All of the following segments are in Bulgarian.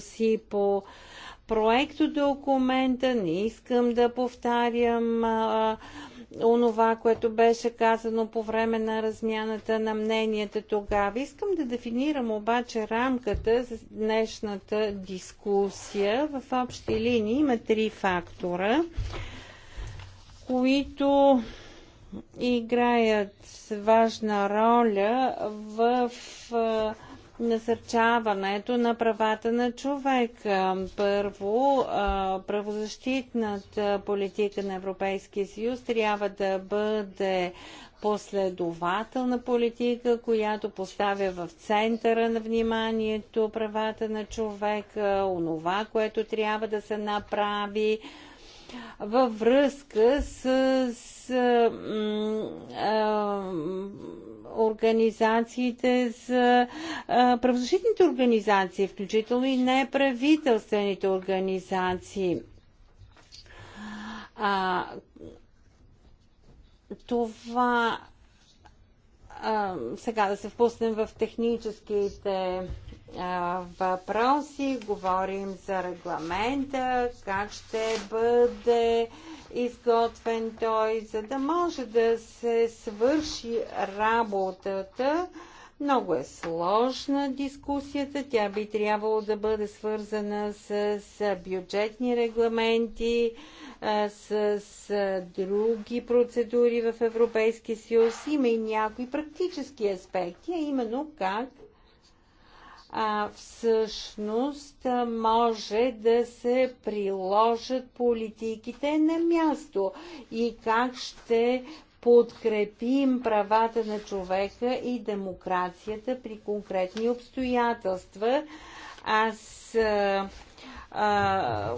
си по проекто документа. Не искам да повтарям а, онова, което беше казано по време на размяната на мненията тогава. Искам да дефинирам обаче рамката за днешната дискусия. В общи линии има три фактора, които играят важна роля в а, насърчаването на правата на човека. Първо, правозащитната политика на Европейския съюз трябва да бъде последователна политика, която поставя в центъра на вниманието правата на човека, онова, което трябва да се направи във връзка с, с организациите, за правозащитните организации, включително и неправителствените организации. А, това а, сега да се впуснем в техническите въпроси, говорим за регламента, как ще бъде изготвен той, за да може да се свърши работата. Много е сложна дискусията, тя би трябвало да бъде свързана с, бюджетни регламенти, с, с други процедури в Европейския съюз. Има и някои практически аспекти, а именно как а, всъщност може да се приложат политиките на място и как ще подкрепим правата на човека и демокрацията при конкретни обстоятелства. Аз а, а,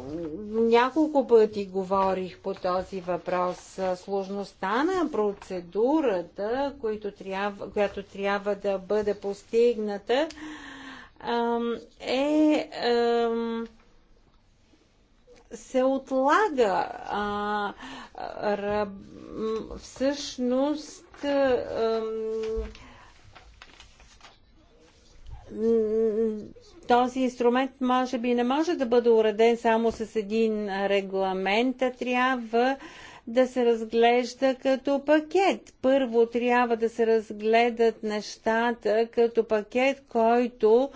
няколко пъти говорих по този въпрос. Сложността на процедурата, която трябва, която трябва да бъде постигната, а, е, е се отлага. А, ръб, всъщност е, този инструмент може би не може да бъде уреден само с един регламент, а трябва да се разглежда като пакет. Първо трябва да се разгледат нещата като пакет, който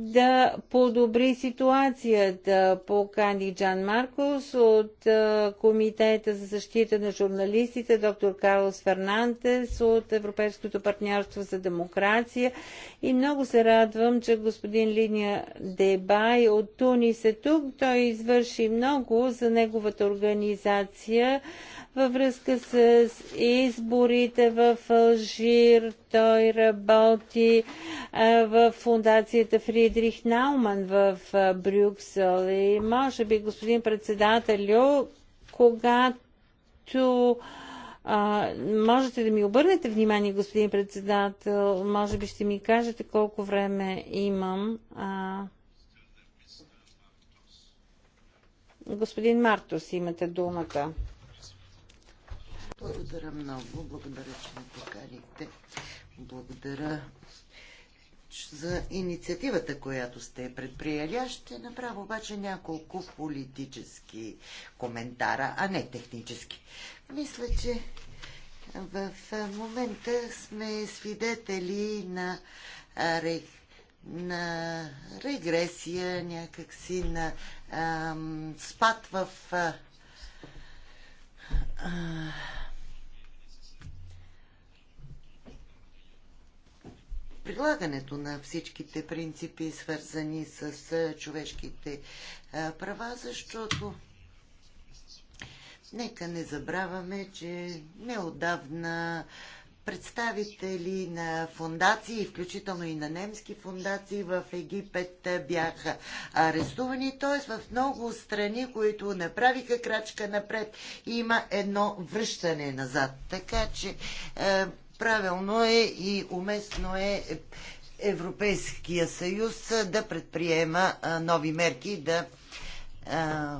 да подобри ситуацията. Покани Джан Маркос от Комитета за защита на журналистите, доктор Карлос Фернантес от Европейското партньорство за демокрация и много се радвам, че господин Линия Дебай от Тунис е тук. Той извърши много за неговата организация във връзка с изборите в Алжир, той работи в фундацията Фридрих Науман в Брюксел. И може би, господин председателю, когато а, можете да ми обърнете внимание, господин председател, може би ще ми кажете колко време имам. А... Господин Мартус, имате думата. Благодаря много. Благодаря, че ме покарихте. Благодаря за инициативата, която сте предприели. Аз ще направя обаче няколко политически коментара, а не технически. Мисля, че в момента сме свидетели на, на регресия, някакси на ам, спад в а, прилагането на всичките принципи, свързани с човешките права, защото нека не забравяме, че неодавна представители на фундации, включително и на немски фундации в Египет бяха арестувани. Т.е. в много страни, които направиха крачка напред, има едно връщане назад. Така че правилно е и уместно е Европейския съюз да предприема нови мерки, да а,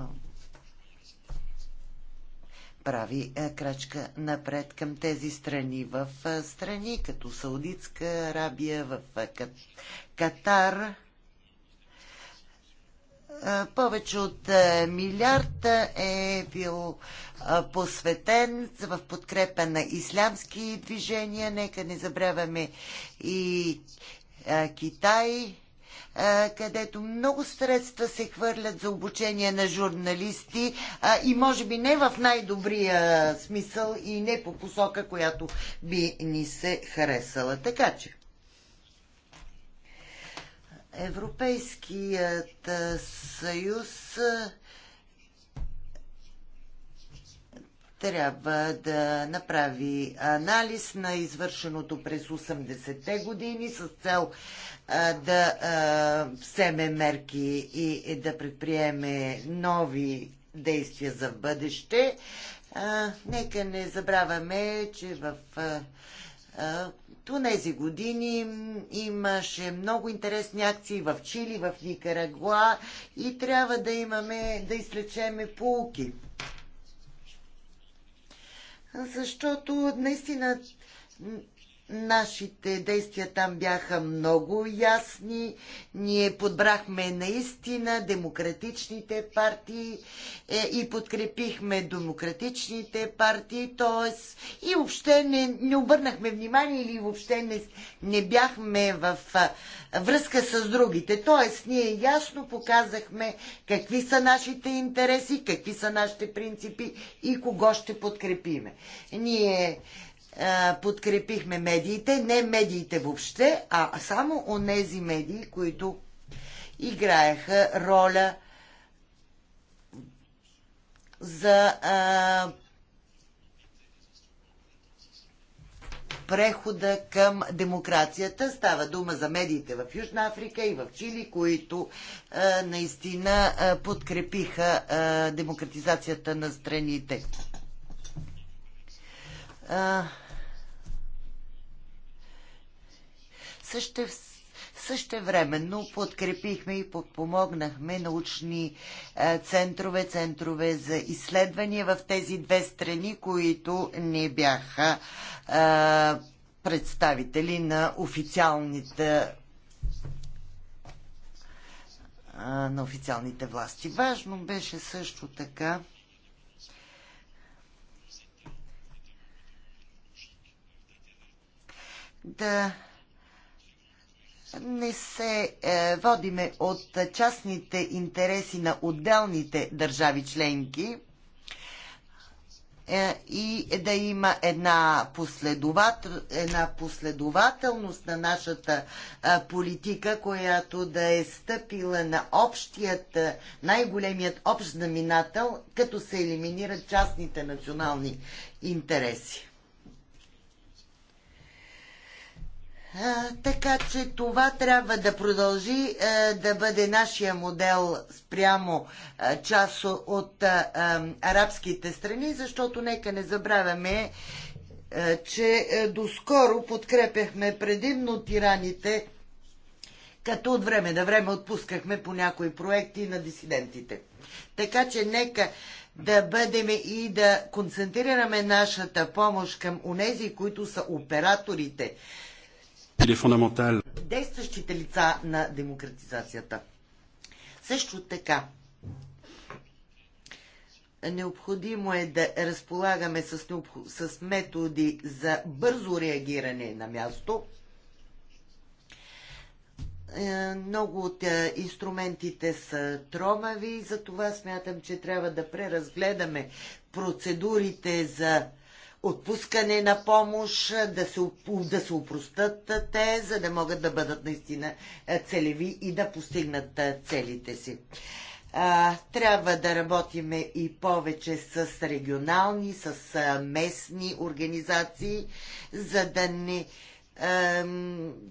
прави крачка напред към тези страни. В страни като Саудитска Арабия, в Катар е, повече от е, милиард е бил е, посветен в подкрепа на ислямски движения. Нека не забравяме и Китай, където много средства се хвърлят за обучение на журналисти и може би не в най-добрия смисъл и не по посока, която би ни се харесала. Така че Европейският съюз трябва да направи анализ на извършеното през 80-те години с цел да вземе мерки и да предприеме нови действия за бъдеще. Нека не забравяме, че в до тези години имаше много интересни акции в Чили, в Никарагуа и трябва да имаме, да излечеме полки. Защото наистина Нашите действия там бяха много ясни. Ние подбрахме наистина демократичните партии е, и подкрепихме демократичните партии, т.е. и въобще не, не обърнахме внимание или въобще не, не бяхме в а, връзка с другите. Т.е. ние ясно показахме какви са нашите интереси, какви са нашите принципи и кого ще подкрепиме. Ние е, подкрепихме медиите, не медиите въобще, а само онези медии, които играеха роля за а, е, прехода към демокрацията. Става дума за медиите в Южна Африка и в Чили, които а, е, наистина а, подкрепиха а, демократизацията на страните. А, Също, същевременно подкрепихме и подпомогнахме научни е, центрове, центрове за изследвания в тези две страни, които не бяха а, е, представители на официалните е, на официалните власти. Важно беше също така да не се е, водиме от частните интереси на отделните държави членки е, и да има една, последовател, една последователност на нашата е, политика, която да е стъпила на общият, е, най-големият общ знаменател, като се елиминират частните национални интереси. така че това трябва да продължи да бъде нашия модел спрямо част от арабските страни, защото нека не забравяме, че доскоро подкрепяхме предимно тираните, като от време на време отпускахме по някои проекти на дисидентите. Така че нека да бъдем и да концентрираме нашата помощ към унези, които са операторите е действащите лица на демократизацията. Също така, необходимо е да разполагаме с, необх... с методи за бързо реагиране на място. Е, много от е, инструментите са тромави затова за това смятам, че трябва да преразгледаме процедурите за отпускане на помощ, да се, да се упростат те, за да могат да бъдат наистина е, целеви и да постигнат е, целите си. трябва да работиме и повече с регионални, с е, местни организации, за да не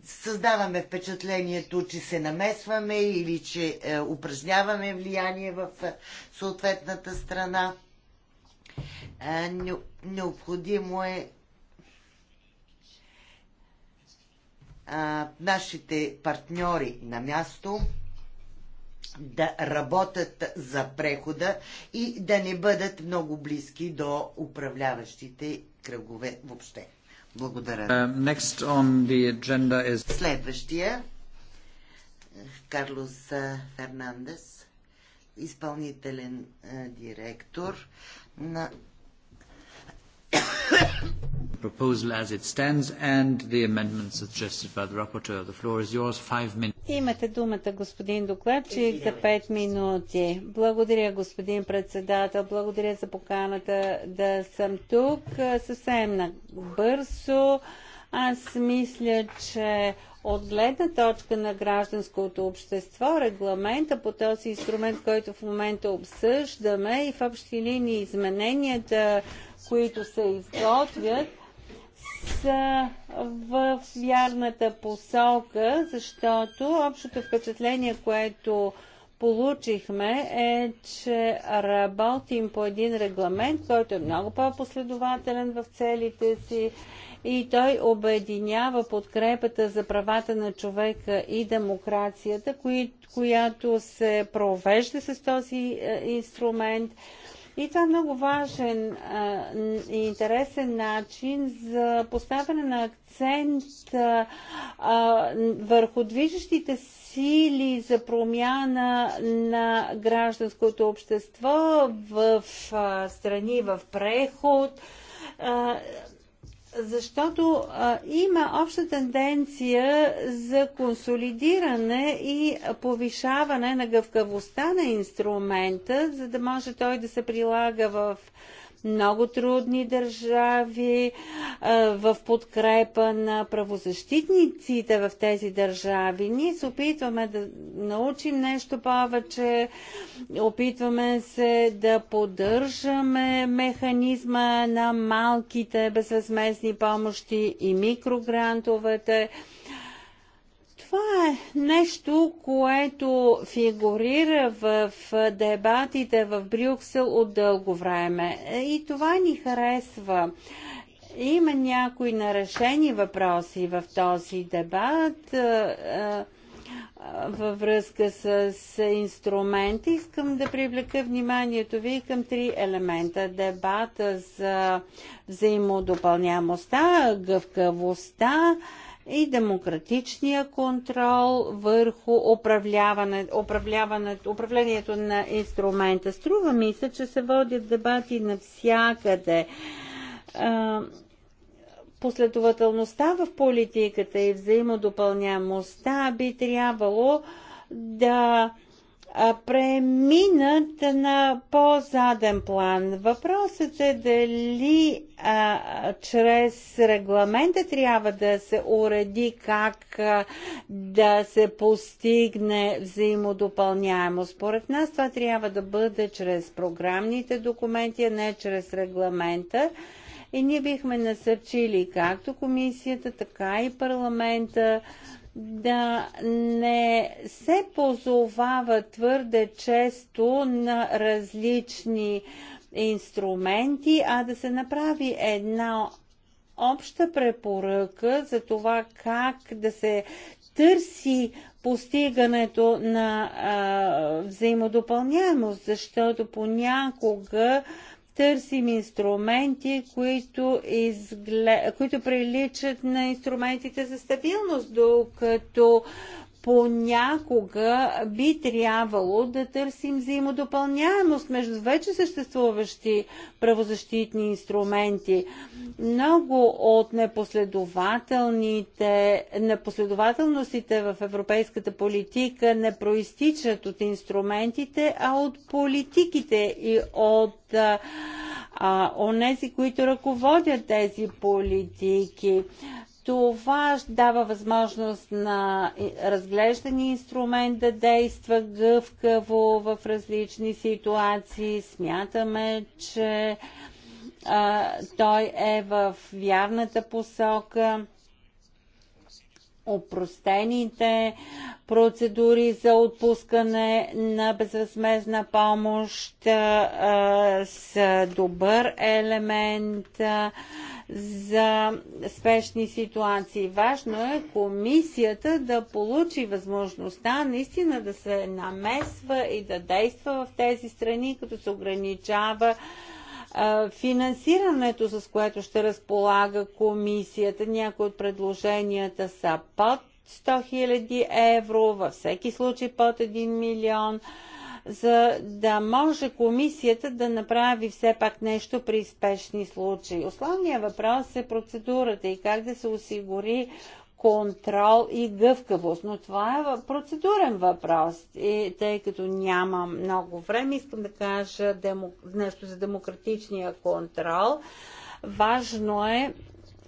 създаваме впечатлението, че се намесваме или че упражняваме влияние в съответната страна. Необходимо е нашите партньори на място да работят за прехода и да не бъдат много близки до управляващите кръгове въобще. Благодаря. Uh, is... Следващия Карлос Фернандес, изпълнителен директор на proposal as it stands and the amendments suggested by the rapporteur. The floor is yours. Five minutes. Имате думата, господин докладчик, за 5 минути. Благодаря, господин председател. Благодаря за поканата да съм тук. Съвсем на бързо. Аз мисля, че от гледна точка на гражданското общество, регламента по този инструмент, който в момента обсъждаме и в общи линии измененията, които се изготвят, са в вярната посока, защото общото впечатление, което получихме е, че работим по един регламент, който е много по-последователен в целите си и той обединява подкрепата за правата на човека и демокрацията, кои, която се провежда с този е, инструмент. И това е много важен и интересен начин за поставяне на акцент а, върху движещите сили за промяна на гражданското общество в а, страни в преход защото а, има обща тенденция за консолидиране и повишаване на гъвкавостта на инструмента, за да може той да се прилага в много трудни държави е, в подкрепа на правозащитниците в тези държави. Ние се опитваме да научим нещо повече, опитваме се да поддържаме механизма на малките безвъзмезни помощи и микрогрантовете. Това е нещо, което фигурира в дебатите в Брюксел от дълго време. И това ни харесва. Има някои нарешени въпроси в този дебат във връзка с инструменти. Искам да привлека вниманието ви към три елемента. Дебата за взаимодопълнямостта, гъвкавостта, и демократичния контрол върху управляване, управляване, управлението на инструмента. Струва ми се, че се водят дебати навсякъде. Последователността в политиката и взаимодопълнямостта би трябвало да преминат на по-заден план. Въпросът е дали а, чрез регламента трябва да се уреди как а, да се постигне взаимодопълняемо. Според нас това трябва да бъде чрез програмните документи, а не чрез регламента. И ние бихме насърчили както комисията, така и парламента да не се позовава твърде често на различни инструменти, а да се направи една обща препоръка за това как да се търси постигането на а, взаимодопълняемост, защото понякога търсим инструменти, които, изглед... които приличат на инструментите за стабилност, докато понякога би трябвало да търсим взаимодопълняемост между вече съществуващи правозащитни инструменти. Много от непоследователните, непоследователностите в европейската политика не проистичат от инструментите, а от политиките и от а, онези, които ръководят тези политики. Това дава възможност на разглеждани инструмент да действа гъвкаво в различни ситуации. Смятаме, че а, той е в вярната посока. Опростените процедури за отпускане на безвъзмезна помощ а, са добър елемент. А, за спешни ситуации. Важно е комисията да получи възможността наистина да се намесва и да действа в тези страни, като се ограничава финансирането, с което ще разполага комисията. Някои от предложенията са под 100 000 евро, във всеки случай под 1 милион евро за да може комисията да направи все пак нещо при спешни случаи. Основният въпрос е процедурата и как да се осигури контрол и гъвкавост. Но това е процедурен въпрос. И тъй като няма много време, искам да кажа демо... нещо за демократичния контрол. Важно е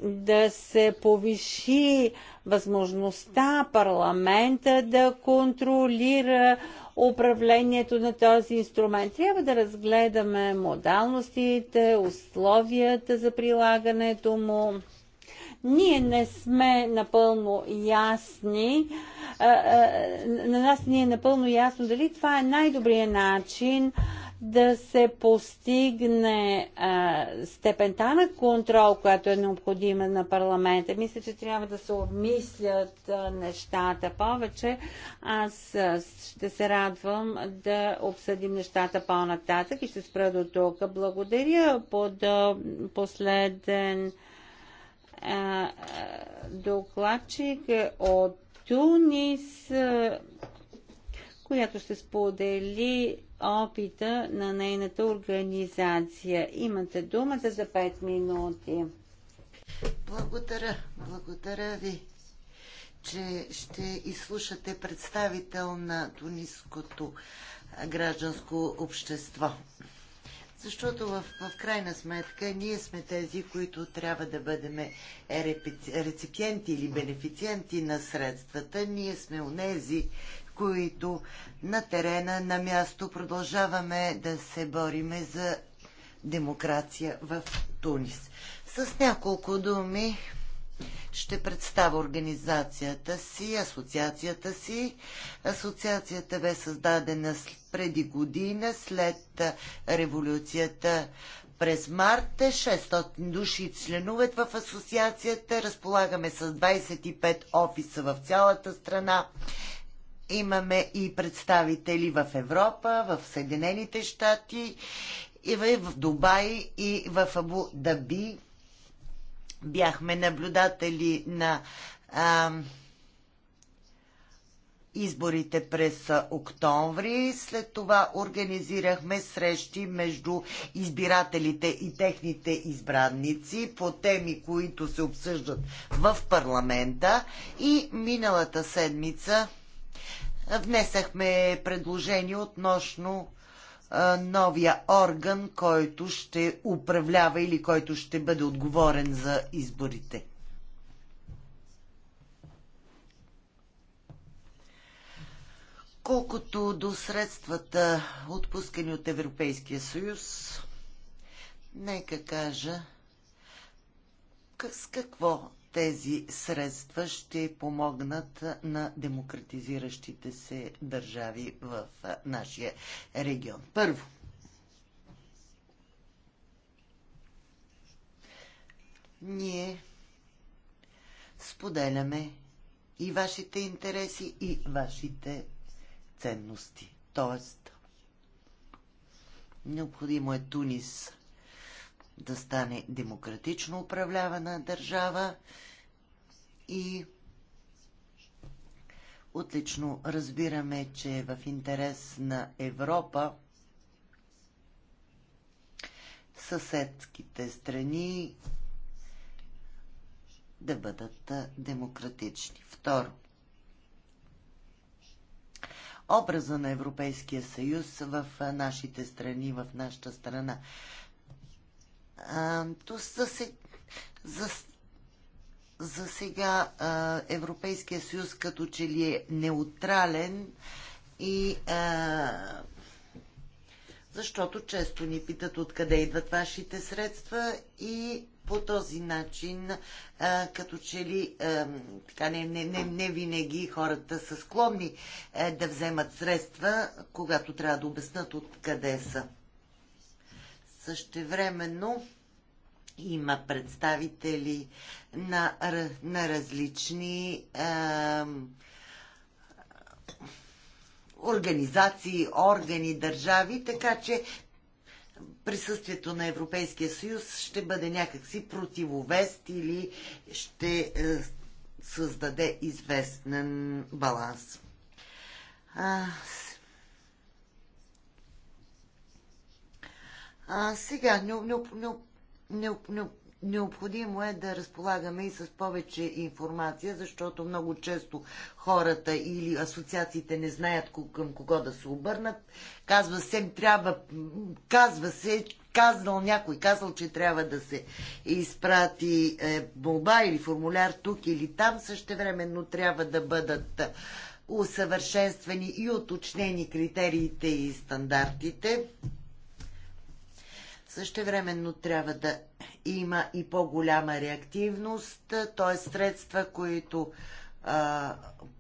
да се повиши възможността парламента да контролира управлението на този инструмент. Трябва да разгледаме модалностите, условията за прилагането му. Ние не сме напълно ясни, на нас не е напълно ясно дали това е най-добрият начин да се постигне а, степента на контрол, която е необходима на парламента. Мисля, че трябва да се обмислят а, нещата повече. Аз а, ще се радвам да обсъдим нещата по-нататък и ще спра до тук. Благодаря а, последен а, докладчик е от Тунис, която ще сподели опита на нейната организация. Имате думата за 5 минути. Благодаря, благодаря ви, че ще изслушате представител на тунисското гражданско общество. Защото в, в крайна сметка ние сме тези, които трябва да бъдем реципиенти или бенефициенти на средствата. Ние сме унези, които на терена, на място продължаваме да се бориме за демокрация в Тунис. С няколко думи ще представя организацията си, асоциацията си. Асоциацията бе създадена преди година след революцията през марта. 600 души членуват в асоциацията. Разполагаме с 25 офиса в цялата страна имаме и представители в Европа, в Съединените щати, и в Дубай, и в Абу Даби. Бяхме наблюдатели на а, изборите през октомври. След това организирахме срещи между избирателите и техните избранници по теми, които се обсъждат в парламента. И миналата седмица Внесахме предложение относно новия орган, който ще управлява или който ще бъде отговорен за изборите. Колкото до средствата, отпускани от Европейския съюз, нека кажа с какво тези средства ще помогнат на демократизиращите се държави в нашия регион. Първо, ние споделяме и вашите интереси, и вашите ценности. Тоест, необходимо е Тунис да стане демократично управлявана държава и отлично разбираме, че е в интерес на Европа съседските страни да бъдат демократични. Второ, образа на Европейския съюз в нашите страни, в нашата страна то за, сега, за, за сега а, Европейския съюз като че ли е неутрален и а, защото често ни питат откъде идват вашите средства и по този начин, а, като че ли а, така не, не, не, не винаги хората са склонни а, е, да вземат средства, когато трябва да обяснат откъде са. Същевременно има представители на, на различни е, организации, органи, държави, така че присъствието на Европейския съюз ще бъде някакси противовест или ще е, създаде известен баланс. А, А сега, необходимо е да разполагаме и с повече информация, защото много често хората или асоциациите не знаят към кого да се обърнат. Казва се, трябва, казва се, казал някой, казал, че трябва да се изпрати е, молба или формуляр тук или там, същевременно трябва да бъдат усъвършенствани и уточнени критериите и стандартите. Същевременно трябва да има и по-голяма реактивност, т.е. средства, които, а,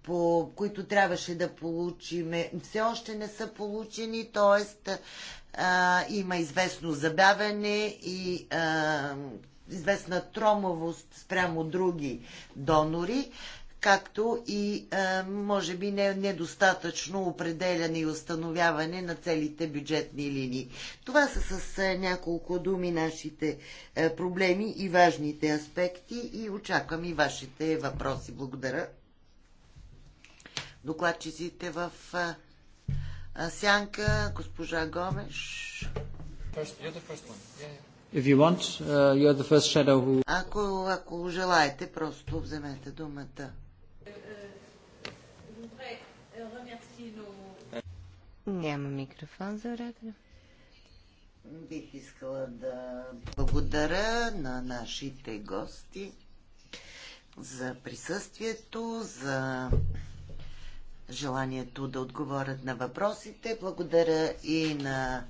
по, които трябваше да получим. все още не са получени, т.е. има известно забавяне и а, известна тромовост спрямо други донори както и е, може би не, недостатъчно определяне и установяване на целите бюджетни линии. Това са с е, няколко думи нашите е, проблеми и важните аспекти и очаквам и вашите въпроси. Благодаря. Докладчиците в Сянка, госпожа Гомеш. If you want, uh, you're the first shadow who... Ако, ако желаете, просто вземете думата. Няма микрофон за радио. Бих искала да благодаря на нашите гости за присъствието, за желанието да отговорят на въпросите. Благодаря и на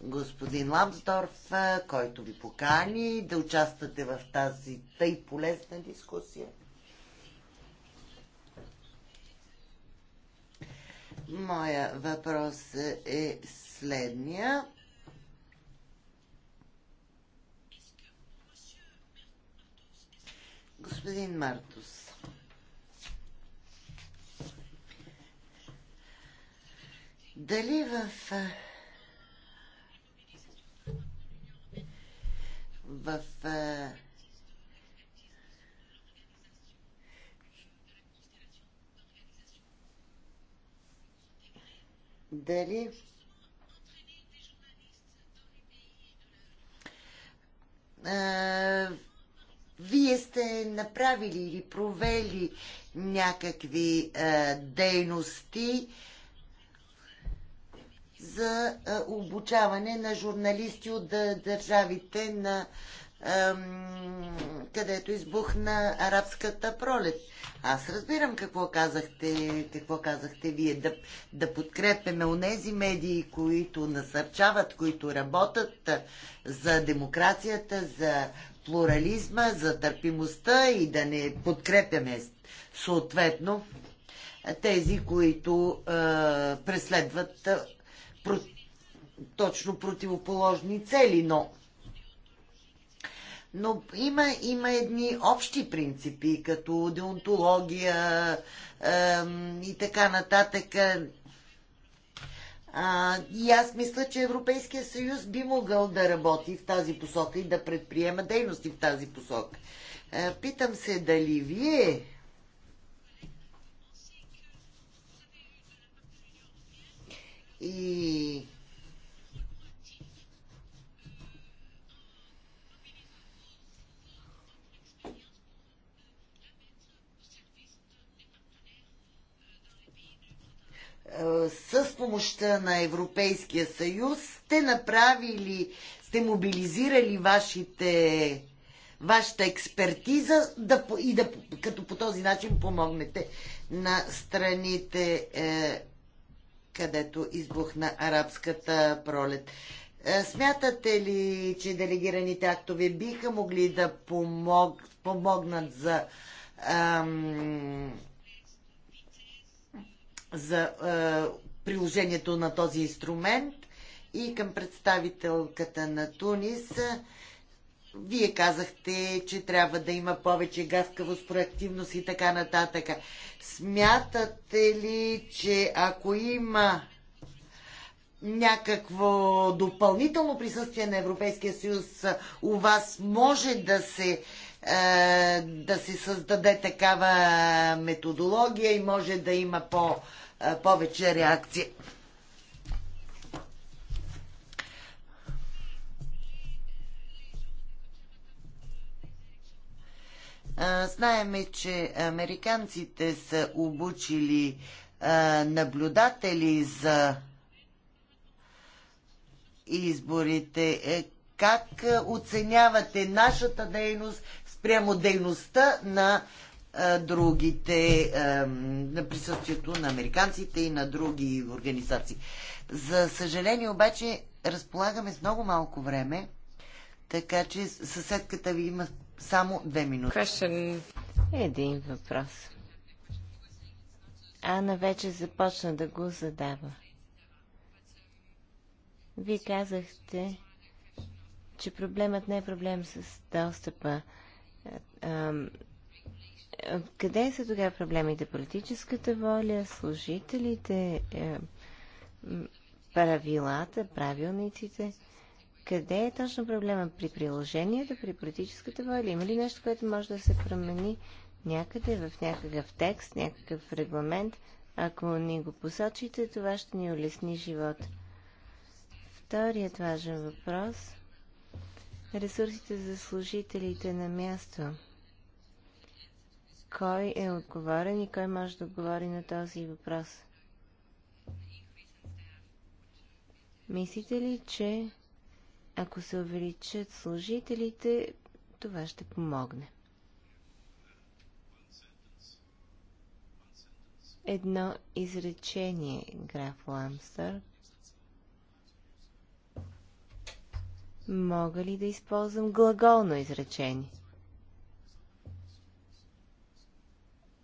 господин Ламсдорф, който ви покани да участвате в тази тъй полезна дискусия. Моя въпрос е следния. Господин Мартус, дали в в дали а, вие сте направили или провели някакви а, дейности за а, обучаване на журналисти от държавите на където избухна арабската пролет. Аз разбирам какво казахте, какво казахте вие. Да, да подкрепяме онези медии, които насърчават, които работят за демокрацията, за плурализма, за търпимостта и да не подкрепяме съответно тези, които е, преследват про, точно противоположни цели. Но но има, има едни общи принципи, като деонтология ем, и така нататък. А, и аз мисля, че Европейския съюз би могъл да работи в тази посока и да предприема дейности в тази посока. Е, питам се дали вие и с помощта на Европейския съюз сте направили, сте мобилизирали вашите, вашата експертиза да, и да, като по този начин помогнете на страните, е, където избухна арабската пролет. Е, смятате ли, че делегираните актове биха могли да помог, помогнат за за е, приложението на този инструмент и към представителката на Тунис. Вие казахте, че трябва да има повече гъвкавост, проактивност и така нататък. Смятате ли, че ако има някакво допълнително присъствие на Европейския съюз у вас може да се е, да се създаде такава методология и може да има по, е, повече реакция. Е, знаеме, че американците са обучили наблюдатели за изборите как е, оценявате нашата дейност спрямо дейността на е, другите, е, на присъствието на американците и на други организации. За съжаление обаче разполагаме с много малко време, така че съседката ви има само две минути. Един въпрос. Ана вече започна да го задава. Вие казахте, че проблемът не е проблем с достъпа. Къде са тогава проблемите? Политическата воля, служителите, правилата, правилниците? Къде е точно проблема? При приложението, при политическата воля? Има ли нещо, което може да се промени някъде в някакъв текст, някакъв регламент? Ако ни го посочите, това ще ни улесни живот. Вторият важен въпрос – ресурсите за служителите на място. Кой е отговорен и кой може да отговори на този въпрос? Мислите ли, че ако се увеличат служителите, това ще помогне? Едно изречение, граф Ламстър – Мога ли да използвам глаголно изречение?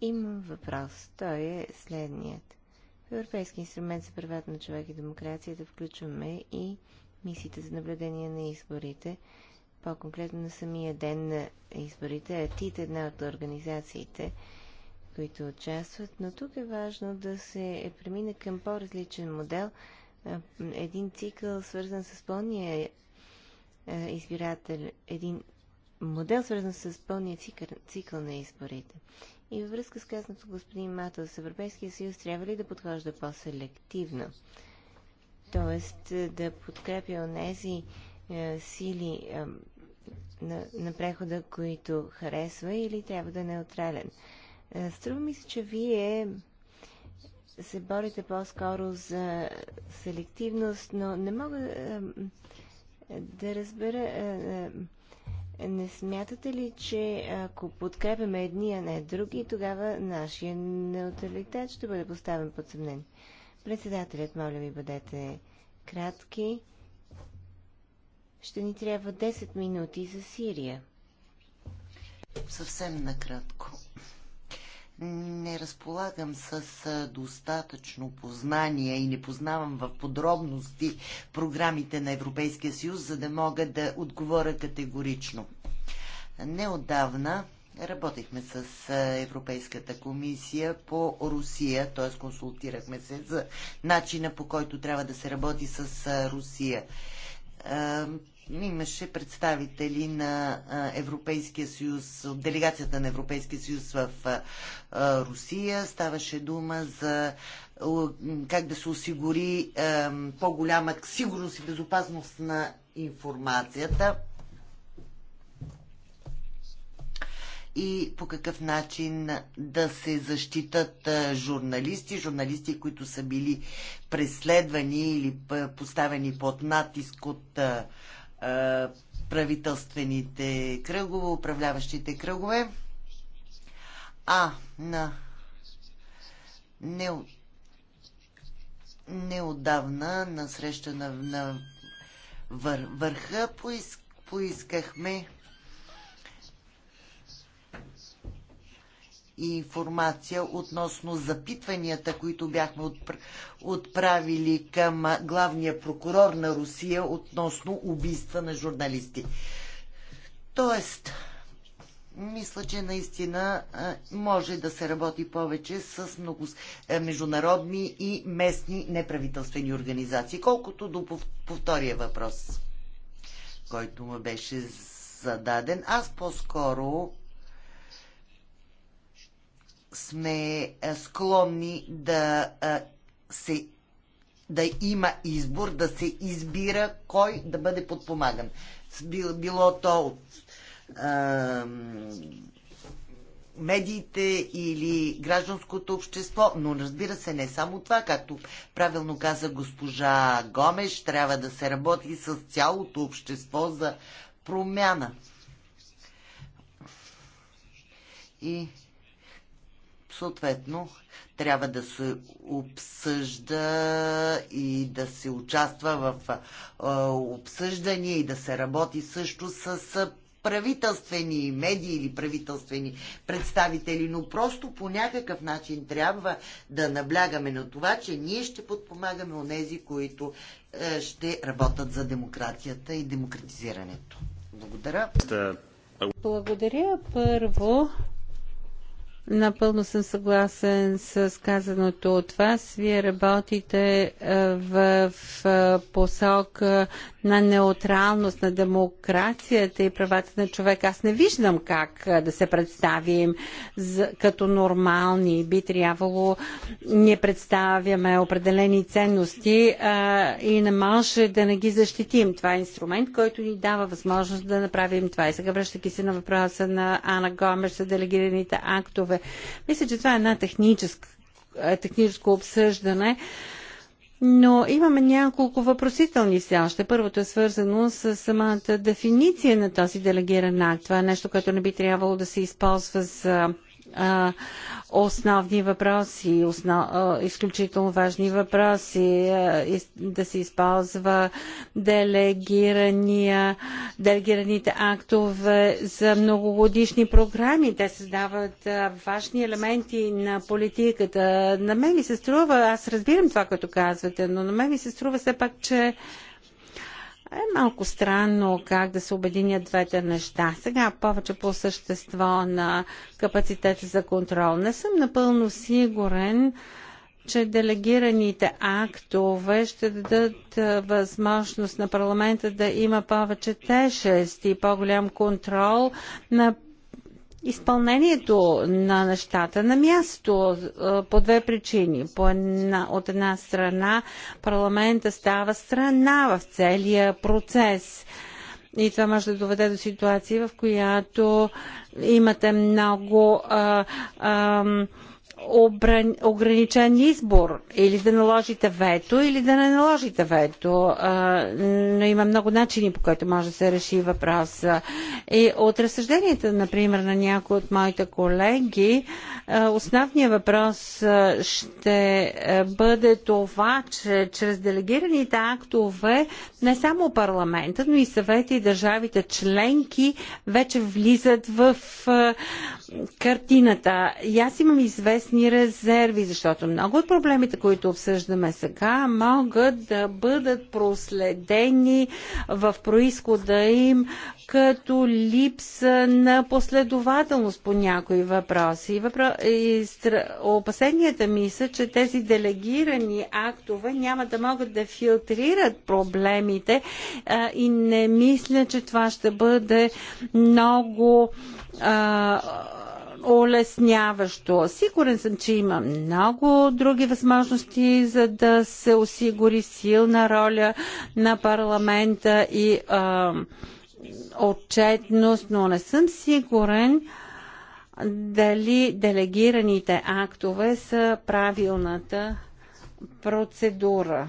Имам въпрос. Той е следният. В Европейски инструмент за правата на човек и демокрацията включваме и мисиите за наблюдение на изборите, по-конкретно на самия ден на изборите. АТИТ е една от организациите, които участват, но тук е важно да се премине към по-различен модел, един цикъл свързан с пълния е, избирател, един модел, свързан с пълния цикъл, цикъл на изборите. И във връзка с казаното господин Матов, с Европейския съюз трябва ли да подхожда по-селективно? Тоест е, да подкрепя онези е, сили е, на, на прехода, които харесва или трябва да е неутрален? Е, струва ми се, че вие се борите по-скоро за селективност, но не мога... Е, е, да разбера, е, е, не смятате ли, че ако подкрепяме едни, а не други, тогава нашия неутралитет ще бъде поставен под съмнение? Председателят, моля ви, бъдете кратки. Ще ни трябва 10 минути за Сирия. Съвсем накратко не разполагам с достатъчно познания и не познавам в подробности програмите на Европейския съюз, за да мога да отговоря категорично. Неодавна работихме с Европейската комисия по Русия, т.е. консултирахме се за начина по който трябва да се работи с Русия имаше представители на Европейския съюз, от делегацията на Европейския съюз в Русия. Ставаше дума за как да се осигури по-голяма сигурност и безопасност на информацията и по какъв начин да се защитат журналисти, журналисти, които са били преследвани или поставени под натиск от правителствените кръгове, управляващите кръгове, а на не, неодавна на среща на, на вър, върха поис, поискахме и информация относно запитванията, които бяхме отправили към главния прокурор на Русия относно убийства на журналисти. Тоест, мисля, че наистина може да се работи повече с много е, международни и местни неправителствени организации. Колкото до повтория въпрос, който му беше зададен, аз по-скоро сме е, склонни да е, се да има избор, да се избира кой да бъде подпомаган. Било то от е, а, медиите или гражданското общество, но разбира се не само това, както правилно каза госпожа Гомеш, трябва да се работи с цялото общество за промяна. И съответно трябва да се обсъжда и да се участва в обсъждания и да се работи също с правителствени медии или правителствени представители, но просто по някакъв начин трябва да наблягаме на това, че ние ще подпомагаме онези, които е, ще работят за демокрацията и демократизирането. Благодаря. Благодаря първо Напълно съм съгласен с казаното от вас. Вие работите в посока на неутралност, на демокрацията и правата на човека. Аз не виждам как да се представим като нормални. Би трябвало ние представяме определени ценности а, и не може да не ги защитим. Това е инструмент, който ни дава възможност да направим това. И сега връщайки се на въпроса на Ана Гомеш за делегираните актове. Мисля, че това е една техническа е, техническо обсъждане. Uh, но имаме няколко въпросителни все още. Първото е свързано с самата дефиниция на този делегиран акт. Това е нещо, което не би трябвало да се използва за основни въпроси, основ, изключително важни въпроси, да се използва делегирания, делегираните актове за многогодишни програми. Те създават важни елементи на политиката. На мен ми се струва, аз разбирам това, което казвате, но на мен ми се струва все пак, че е малко странно как да се обединят двете неща. Сега повече по същество на капацитета за контрол. Не съм напълно сигурен, че делегираните актове ще дадат е, възможност на парламента да има повече тежест и по-голям контрол на изпълнението на нещата на място по две причини. По една, от една страна парламента става страна в целия процес. И това може да доведе до ситуации, в която имате много а, а, ограничен избор или да наложите вето, или да не наложите вето. Но има много начини, по които може да се реши въпроса. И от разсъжденията, например, на някои от моите колеги, основният въпрос ще бъде това, че чрез делегираните актове не само парламентът, но и съвети и държавите членки вече влизат в картината. И аз имам известни известни резерви, защото много от проблемите, които обсъждаме сега, могат да бъдат проследени в происхода им като липса на последователност по някои въпроси. Въпро... И стра... Опасенията ми са, че тези делегирани актове няма да могат да филтрират проблемите а, и не мисля, че това ще бъде много а, улесняващо. Сигурен съм, че има много други възможности, за да се осигури силна роля на парламента и а, отчетност, но не съм сигурен дали делегираните актове са правилната процедура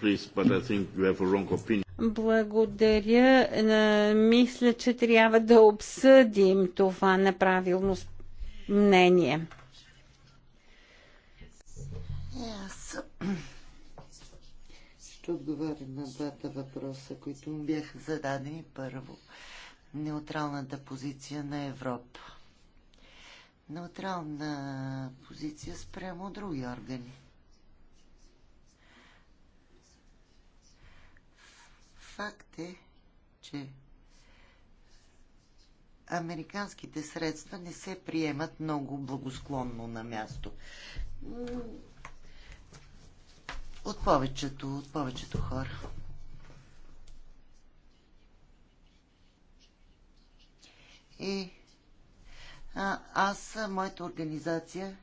please, but I think you have a wrong opinion. Благодаря. Е, мисля, че трябва да обсъдим това неправилно мнение. Е, аз ще отговоря на двата въпроса, които ми бяха зададени. Първо, неутралната позиция на Европа. Неутрална позиция спрямо други органи Факт е, че американските средства не се приемат много благосклонно на място. От повечето, от повечето хора. И а, аз, моята организация,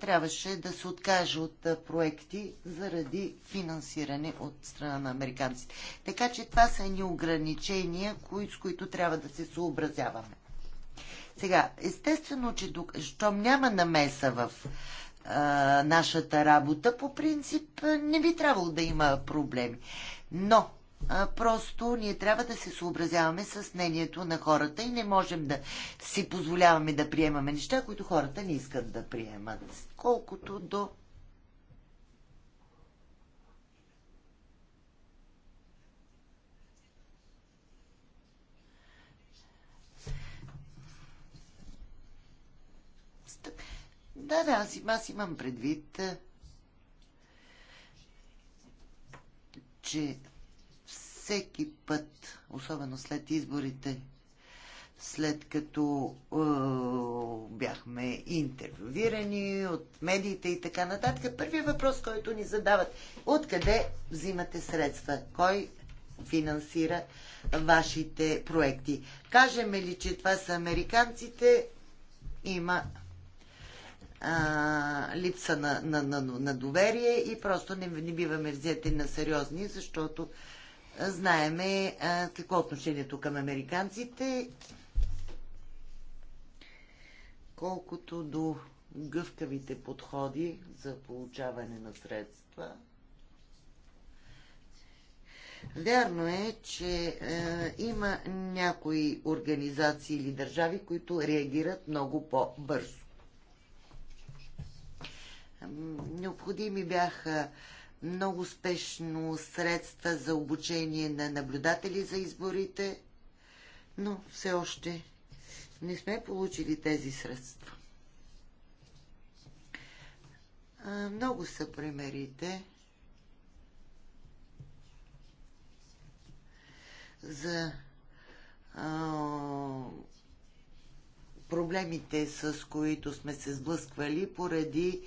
трябваше да се откаже от проекти заради финансиране от страна на американците. Така че това са ни ограничения, с които трябва да се съобразяваме. Сега, естествено, че щом няма намеса в а, нашата работа, по принцип не би трябвало да има проблеми. Но просто ние трябва да се съобразяваме с мнението на хората и не можем да си позволяваме да приемаме неща, които хората не искат да приемат. Колкото до Да, да, аз, аз имам предвид, че всеки път, особено след изборите, след като е, бяхме интервюирани от медиите и така нататък, първият въпрос, който ни задават, откъде взимате средства? Кой финансира вашите проекти? Кажеме ли, че това са американците? Има а, липса на, на, на, на доверие и просто не, не биваме взети на сериозни, защото знаеме какво е отношението към американците. Колкото до гъвкавите подходи за получаване на средства, Вярно е, че е, има някои организации или държави, които реагират много по-бързо. Необходими бяха много спешно средства за обучение на наблюдатели за изборите, но все още не сме получили тези средства. Много са примерите за проблемите, с които сме се сблъсквали поради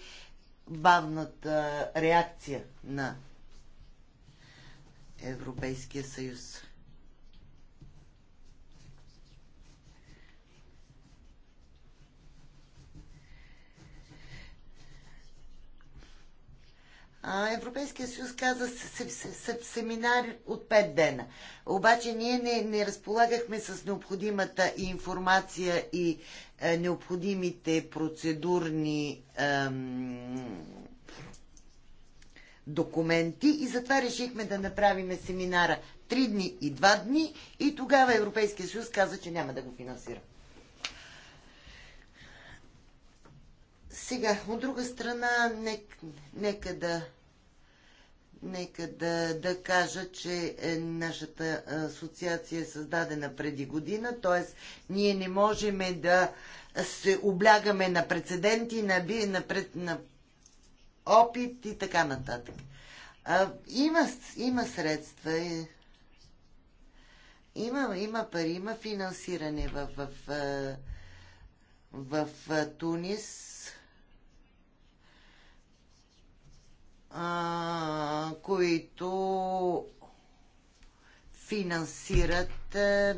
бавната реакция на Европейския съюз. А Европейския съюз каза с, с, с, семинар от 5 дена. Обаче ние не, не разполагахме с необходимата информация и е, необходимите процедурни ем, документи и затова решихме да направим семинара 3 дни и 2 дни и тогава Европейския съюз каза, че няма да го финансира. Сега, от друга страна, нека, нека да Нека да, да кажа, че е, нашата асоциация е създадена преди година, т.е. ние не можем да се облягаме на прецеденти, на, на, на опит и така нататък. А, има, има средства, е, има, има пари, има финансиране в, в, в, в Тунис а, които финансират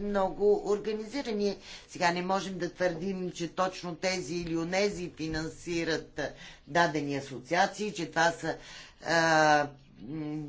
много организирани. Сега не можем да твърдим, че точно тези или онези финансират дадени асоциации, че това са а,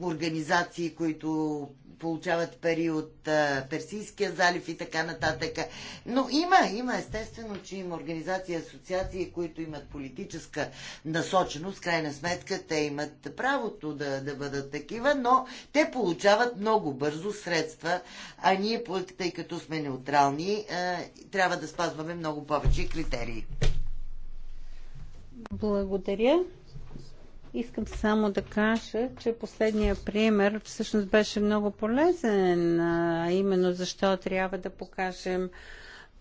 организации, които получават пари от а, Персийския залив и така нататък. Но има, има естествено, че има организации, асоциации, които имат политическа насоченост. Крайна сметка те имат правото да, да бъдат такива, но те получават много бързо средства, а ние, тъй като сме неутрални, а, трябва да спазваме много повече критерии. Благодаря. Искам само да кажа, че последния пример всъщност беше много полезен, именно защо трябва да покажем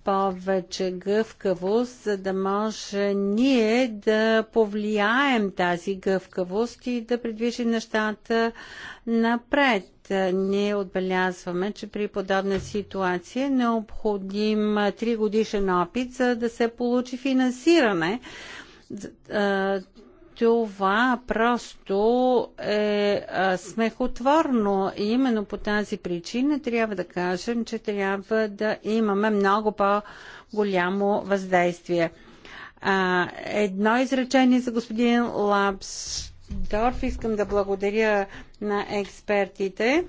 повече гъвкавост, за да може ние да повлияем тази гъвкавост и да придвижим нещата напред. Ние отбелязваме, че при подобна ситуация е необходим 3 годишен опит, за да се получи финансиране това просто е смехотворно и именно по тази причина трябва да кажем, че трябва да имаме много по-голямо въздействие. А, едно изречение за господин Лапсдорф. Искам да благодаря на експертите.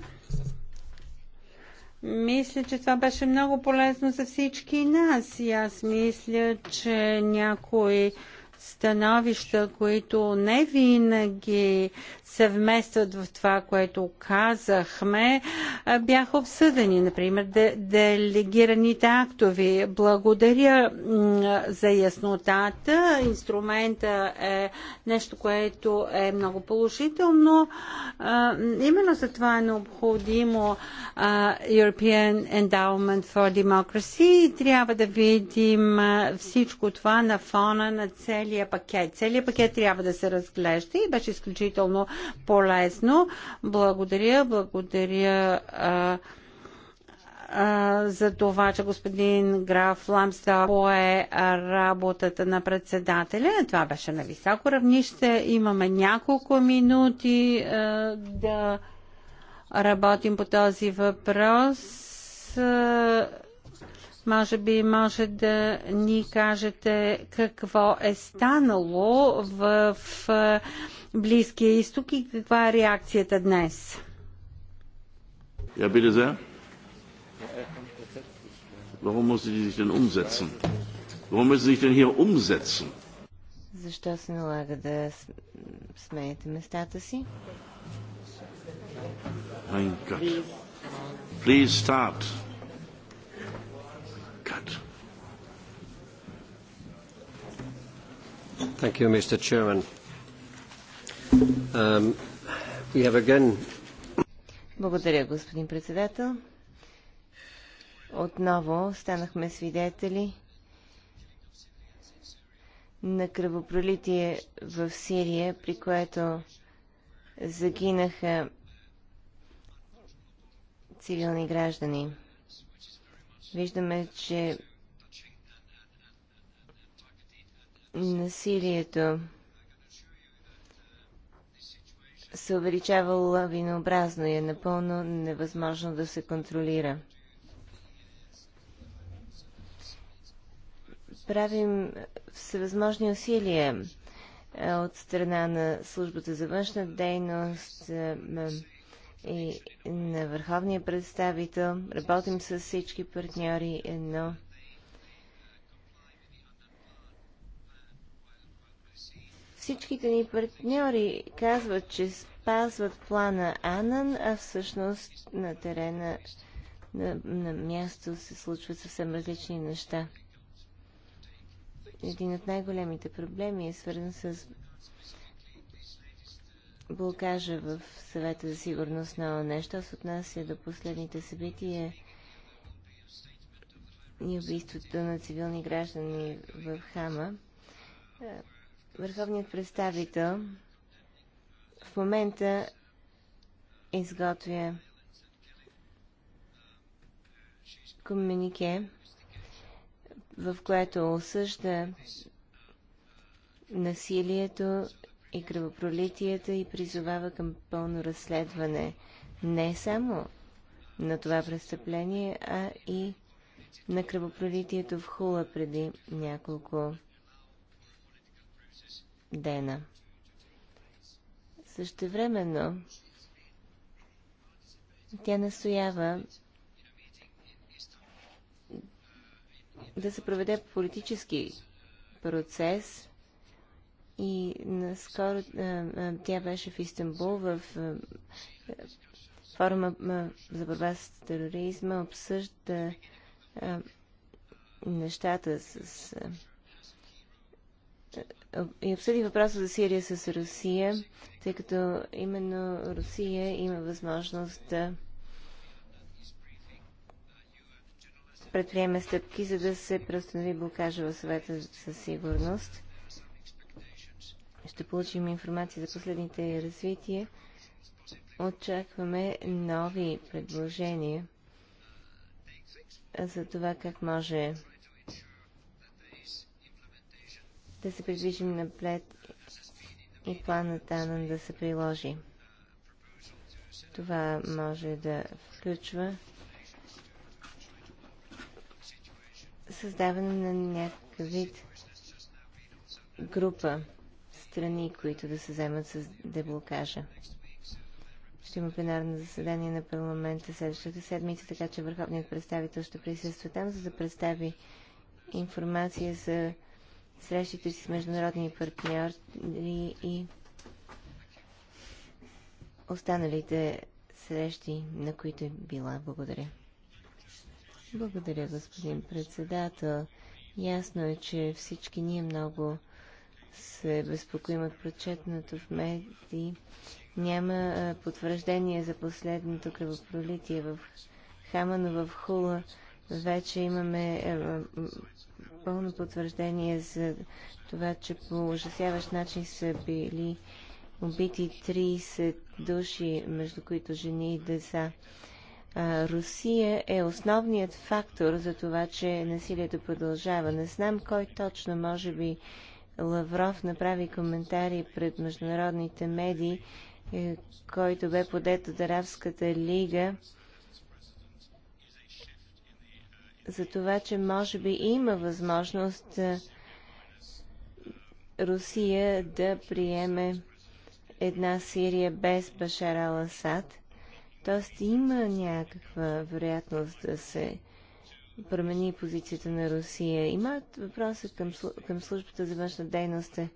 Мисля, че това беше много полезно за всички нас и аз мисля, че някои становища, които не винаги се вместват в това, което казахме, бяха обсъдени, например, делегираните актови. Благодаря за яснотата. Инструмента е нещо, което е много положително. Именно за това е необходимо European Endowment for Democracy. Трябва да видим всичко това на фона на целия пакет. Целият пакет трябва да се разглежда и беше изключително полезно. Благодаря, благодаря а, а, за това, че господин граф Ламста пое работата на председателя. Това беше на високо равнище. Имаме няколко минути а, да работим по този въпрос. Може би може да ни кажете какво е станало в Близкия изток и каква е реакцията днес? Ja, bitte sehr. Warum muss sie sich denn umsetzen? Warum müssen sie sich denn hier umsetzen? Защо се налага да сменяте местата си? Mein Gott. Please start. God. Thank you, Mr. Chairman. Um, Благодаря, господин председател. Отново станахме свидетели на кръвопролитие в Сирия, при което загинаха цивилни граждани. Виждаме, че насилието се увеличава лавинообразно и е напълно невъзможно да се контролира. Правим всевъзможни усилия е, от страна на службата за външна дейност е, е, и на върховния представител. Работим с всички партньори, но Всичките ни партньори казват, че спазват плана Анан, а всъщност на терена на, на място се случват съвсем различни неща. Един от най-големите проблеми е свързан с блокажа в съвета за сигурност на нещо, Що се отнася до последните събития и убийството на цивилни граждани в Хама, Върховният представител в момента изготвя комюнике, в което осъжда насилието и кръвопролитията и призовава към пълно разследване не само на това престъпление, а и на кръвопролитието в Хула преди няколко дена. Същевременно тя настоява да се проведе политически процес и наскоро е, е, тя беше в Истанбул в е, форма за борба с тероризма, обсъжда нещата с и е, е, обсъди въпроса за Сирия с Русия, тъй като именно Русия има възможност да предприеме стъпки, за да се преустанови блокажа в съвета със сигурност. Ще получим информация за последните развития. Очакваме нови предложения за това как може да се придвижим напред и планът Анан да се приложи. Това може да включва създаване на някакъв вид група страни, които да се вземат с деблокажа. Ще има пленарно заседание на парламента следващата седмица, така че върховният представител ще присъства там, за да представи информация за срещите си с международни партньори и останалите срещи, на които е била. Благодаря. Благодаря, господин председател. Ясно е, че всички ние много се безпокоим от прочетеното в медии. Няма а, потвърждение за последното кръвопролитие в Хама, но в Хула вече имаме а, Пълно потвърждение за това, че по ужасяващ начин са били убити 30 души, между които жени и деца. А, Русия е основният фактор за това, че насилието продължава. Не знам кой точно, може би Лавров направи коментари пред международните медии, е, който бе подет от Арабската лига за това, че може би има възможност е, Русия да приеме една Сирия без Башар Ал-Асад. Тоест има някаква вероятност да се промени позицията на Русия. Има въпроси към, към службата за външна дейност е,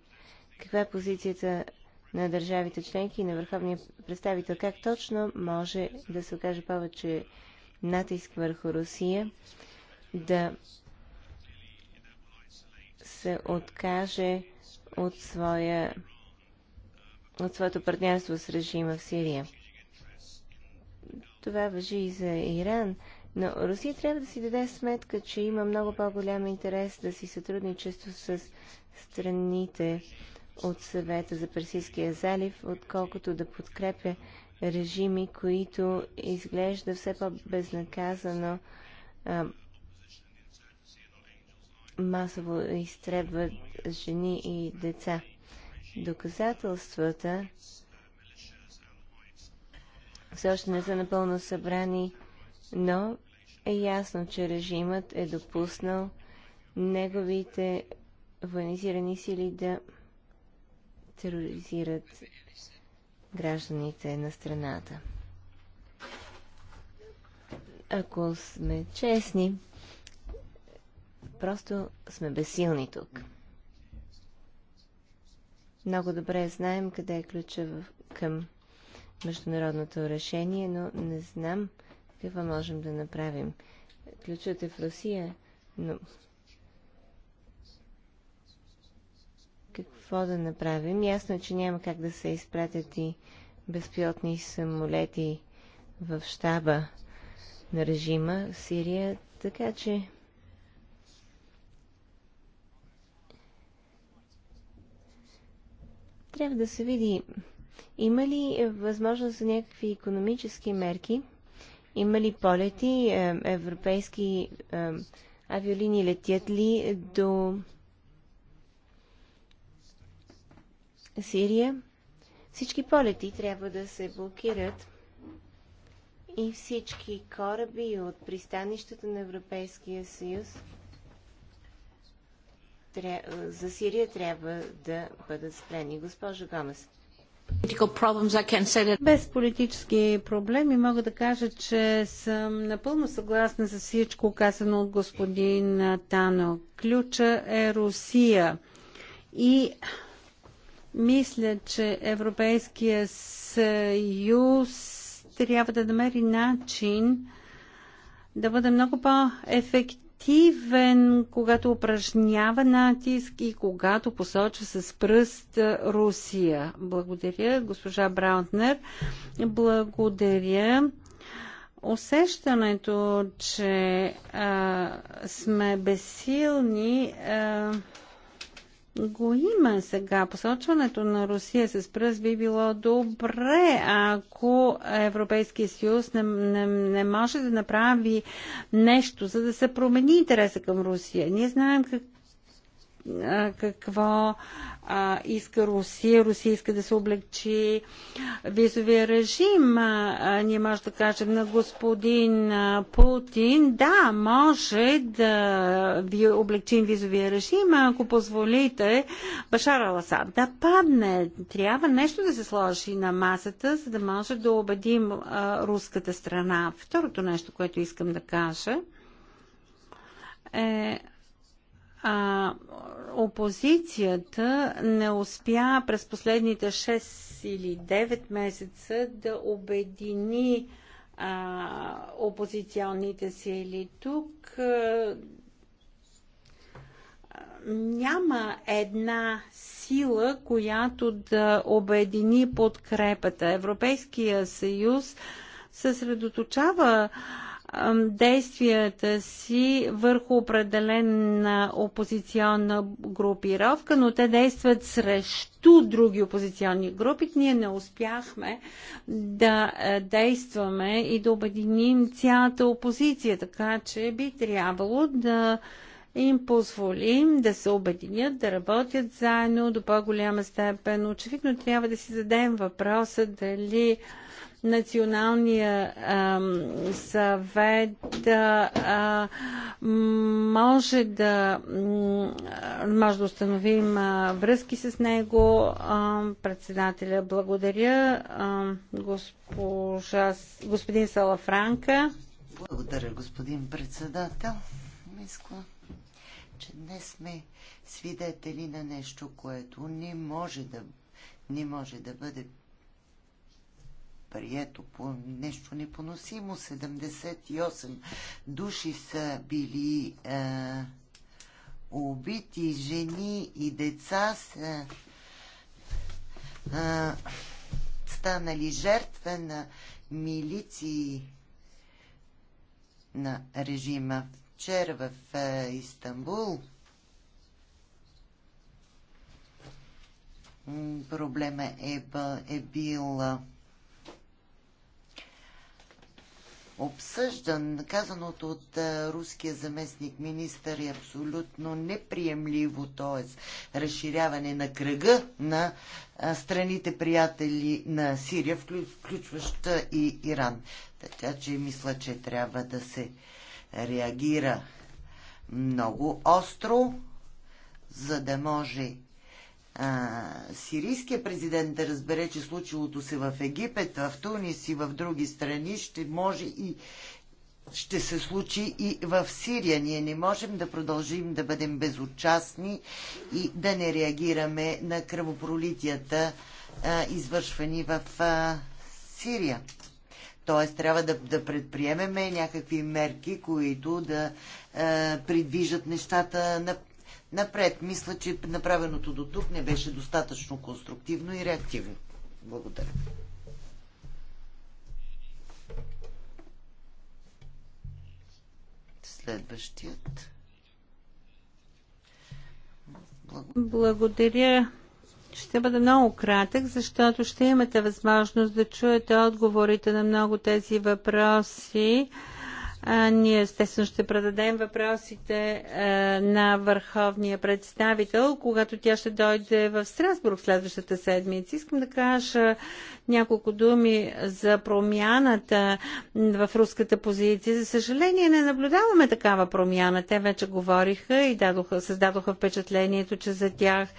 каква е позицията на държавите членки и на върховния представител. Как точно може да се окаже повече натиск върху Русия да се откаже от, своя, от своето партньорство с режима в Сирия. Това въжи и за Иран, но Русия трябва да си даде сметка, че има много по-голям интерес да си сътрудничество с страните от съвета за Персийския залив, отколкото да подкрепя режими, които изглежда все по-безнаказано масово изтребват жени и деца. Доказателствата все още не са напълно събрани, но е ясно, че режимът е допуснал неговите военизирани сили да тероризират гражданите на страната. Ако сме честни, Просто сме безсилни тук. Много добре знаем къде е ключа в... към международното решение, но не знам какво можем да направим. Ключът е в Русия, но какво да направим? Ясно е, че няма как да се изпратят и безпилотни самолети в щаба на режима в Сирия, така че трябва да се види има ли възможност за някакви економически мерки? Има ли полети? Е, европейски е, авиолини летят ли до Сирия? Всички полети трябва да се блокират и всички кораби от пристанищата на Европейския съюз за Сирия трябва да бъдат спрени. Госпожо Гомес. Без политически проблеми мога да кажа, че съм напълно съгласна с всичко казано от господин Тано. Ключа е Русия. И мисля, че Европейския съюз трябва да намери начин да бъде много по-ефективен активен, когато упражнява натиск и когато посочва с пръст Русия. Благодаря, госпожа Браунтнер. Благодаря усещането, че а, сме безсилни, а, го има сега. Посочването на Русия с пръст би било добре, ако Европейския съюз не, не, не може да направи нещо, за да се промени интереса към Русия. Ние знаем как, какво а, иска Русия. Русия иска да се облегчи визовия режим. А, а, ние може да кажем на господин а, Путин, да, може да ви облегчим визовия режим, ако позволите Башар Аласад да падне. Трябва нещо да се сложи на масата, за да може да убедим а, руската страна. Второто нещо, което искам да кажа е а, опозицията не успя през последните 6 или 9 месеца да обедини а, опозиционните сили. Тук а, няма една сила, която да обедини подкрепата. Европейския съюз съсредоточава а, действията си върху определена опозиционна групировка, но те действат срещу други опозиционни групи. Ние не успяхме да е, действаме и да обединим цялата опозиция, така че би трябвало да им позволим да се обединят, да работят заедно до по-голяма степен. Очевидно трябва да си зададем въпроса дали Националния съвет а, може да може да установим а, връзки с него. А, председателя благодаря. А, госпожа, господин Салафранка. Благодаря, господин председател. Мисля, че днес сме свидетели на нещо, което не може да, не може да бъде прието по нещо непоносимо. 78 души са били е, убити, жени и деца са е, станали жертва на милиции на режима. Вчера в е, Истанбул проблема е, е бил е, обсъждан. Казаното от руския заместник министър е абсолютно неприемливо, т.е. разширяване на кръга на страните приятели на Сирия, включваща и Иран. Така че мисля, че трябва да се реагира много остро, за да може а, сирийския президент да разбере, че случилото се в Египет, в Тунис и в други страни ще може и ще се случи и в Сирия. Ние не можем да продължим да бъдем безучастни и да не реагираме на кръвопролитията, а, извършвани в а, Сирия. Тоест трябва да, да предприемеме някакви мерки, които да а, придвижат нещата на, напред. Мисля, че направеното до тук не беше достатъчно конструктивно и реактивно. Благодаря. Следващият. Благодаря. Благодаря. Ще бъда много кратък, защото ще имате възможност да чуете отговорите на много тези въпроси. А, ние естествено ще предадем въпросите а, на върховния представител, когато тя ще дойде в Страсбург следващата седмица. Искам да кажа няколко думи за промяната в руската позиция. За съжаление не наблюдаваме такава промяна. Те вече говориха и дадоха, създадоха впечатлението, че за тях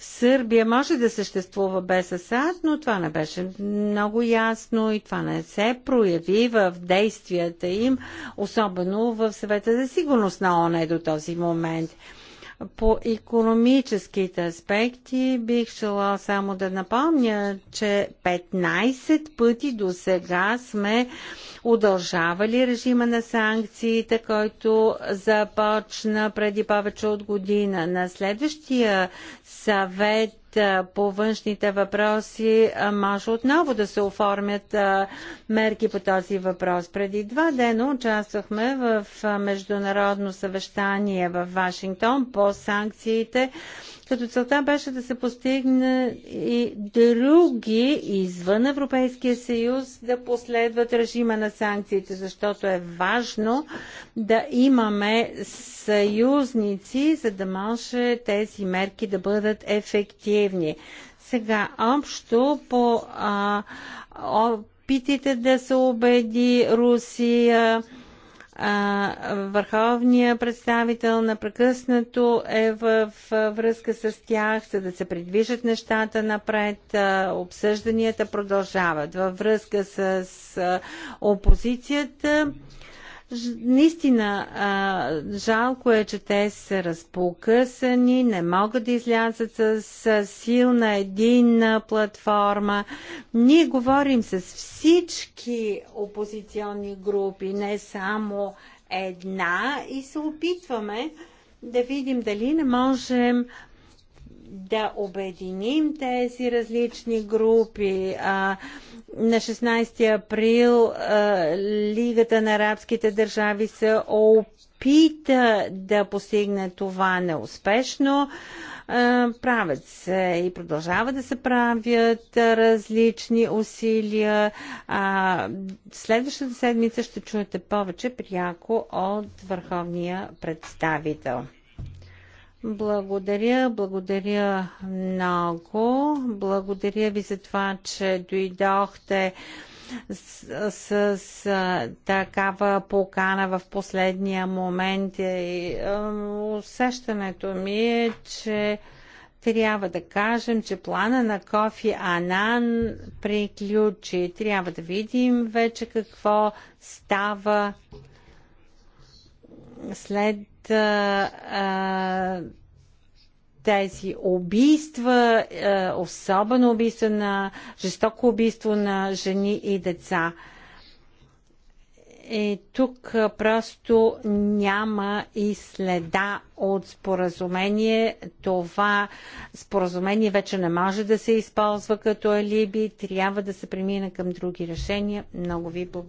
Сърбия може да съществува без Асад, но това не беше много ясно и това не се прояви в действията им, особено в съвета за сигурност на ОНЕ до този момент. По економическите аспекти бих желал само да напомня, че 15 пъти до сега сме удължавали режима на санкциите, който започна преди повече от година. На следващия съвет е, по външните въпроси е, може отново да се оформят е, мерки по този въпрос. Преди два дена участвахме в международно съвещание в Вашингтон по санкциите като целта беше да се постигне и други извън Европейския съюз да последват режима на санкциите, защото е важно да имаме съюзници, за да може тези мерки да бъдат ефективни. Сега общо по а, опитите да се убеди Русия Върховният представител напрекъснато е в връзка с тях, за да се придвижат нещата напред. Обсъжданията продължават. Във връзка с опозицията Наистина, жалко е, че те са разпокъсани, не могат да излязат с силна единна платформа. Ние говорим с всички опозиционни групи, не само една, и се опитваме да видим дали не можем да обединим тези различни групи. А, на 16 април а, Лигата на арабските държави се опита да постигне това неуспешно. А, правят се и продължава да се правят различни усилия. А, следващата седмица ще чуете повече пряко от върховния представител. Благодаря, благодаря много. Благодаря ви за това, че дойдохте с, с, с такава покана в последния момент. И, усещането ми е, че трябва да кажем, че плана на Кофи Анан приключи. Трябва да видим вече какво става след а, тези убийства, а, особено убийство на жестоко убийство на жени и деца. И тук просто няма и следа от споразумение. Това споразумение вече не може да се използва като алиби. Трябва да се премине към други решения. Много ви благодаря.